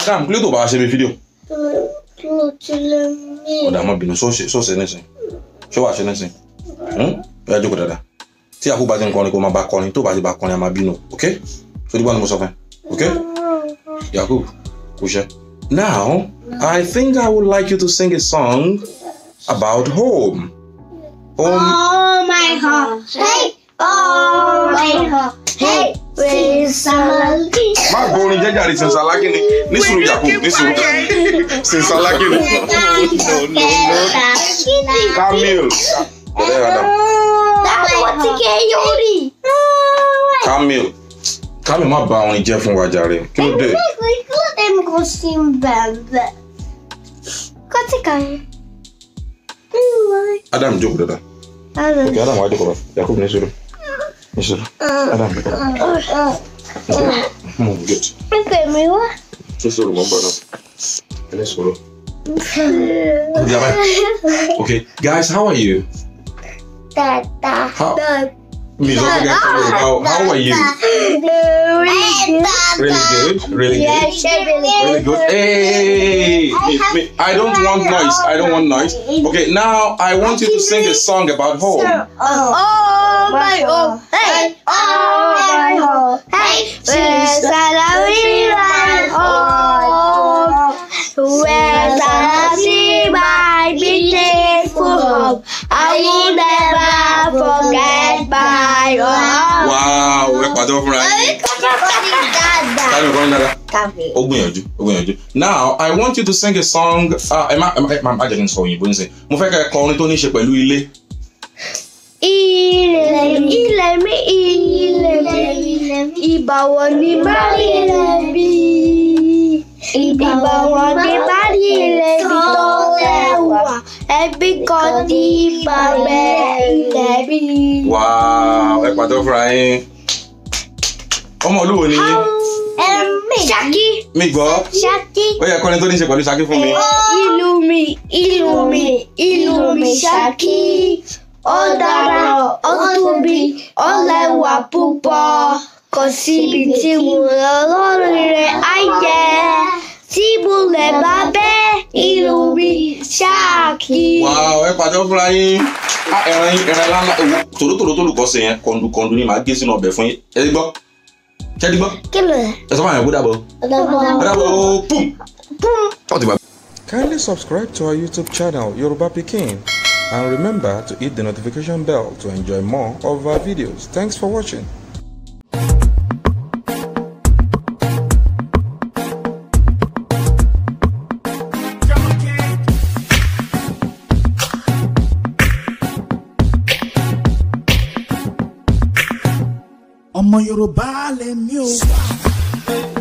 akam kí ló tó bá ṣe mi fídíò. ọ̀dà má bínú sọ́ọ̀sì nísìn ṣé wàá ṣe nísìn hm? ẹ jókòó dáadáa tí àkókò bá ti ń kọrin kó máa bá kọrin tó bá ti bá kọrin a máa bínú ok sódì ni mo sọ fún ẹ ok Yakub kò ṣe. now i think i would like you to sing a song about home. home. oh my home hey oh my home hey we song má gbórin jẹ́jàre Sensalakini ní sùúrù jàkùn ní sùúrù Sensalakini. Kamil. Kamil. Kamil má bà orin jẹ́ fún wa jàre kí ló dé. Adam jókòó dada. Ok Adam wá jókòó dada. Yakub ní sùúrù. Ní sùúrù. Adam. Okay. Come me, okay, guys, how are you? How? da, how? Da, Miss Obrigado, how, how are you? Really good. Really good? Really good? Really good? Hey! I, don't want noise. I don't want noise. Okay, now I want you to sing a song about home. Oh. oh, my Wow. Wow, ẹ pàtó fúnra yín. Tani kọ́ ni dada. Ó gbìyànjú, ó gbìyànjú. Now, I want you to sing a song. Uh, ẹ má ẹ má jẹ́ kí n sọ òyìnbó nísìn. Mo fẹ́ kẹ́ ẹ kọ orin tó ní ṣe pẹ̀lú ilé. Ilẹ̀ mi, ilẹ̀ mi, ilẹ̀ mi, ìbàwọ̀ ni máa rí mi, ìbàwọ̀ ni máa rí mi tán ẹbíkan ní bàbá ìtẹ̀bí. wàá ẹ pàtó fúnra yín ọmọ olúwo ni yín. Um, Ṣakí. Mi gbọ́. Ṣakí. Ó yẹ kọ́ni tó ní ṣe pẹ̀lú Ṣakí fún mi. Ìlú mi, ìlú mi, ìlú mi Ṣakí. Ó dára, ó tóbi, ó lẹ́wà púpọ̀. Kò síbi tí mo lọ lọ́rùn rẹ̀ á yẹ. Tí mo lè bá bẹ́ẹ̀ kí. wàá ẹ pàtẹ́ fúnra yín ah, ẹran ẹran lánàá ewu tòlótòló tó lùkọ́ sí yẹn kọ̀ǹdù ni màá gé sínú ọbẹ̀ fún yín ẹ ti gbọ́ ṣe ti gbọ́. kí ẹ sọ fún àwọn ẹ̀kú dàbọ̀. dàbọ̀ Kindly subscribe to our YouTube channel Yoruba Pikin and remember to hit the notification bell to enjoy more of our videos. Thanks for watching. ọmọ yorùbá lẹ́mí o.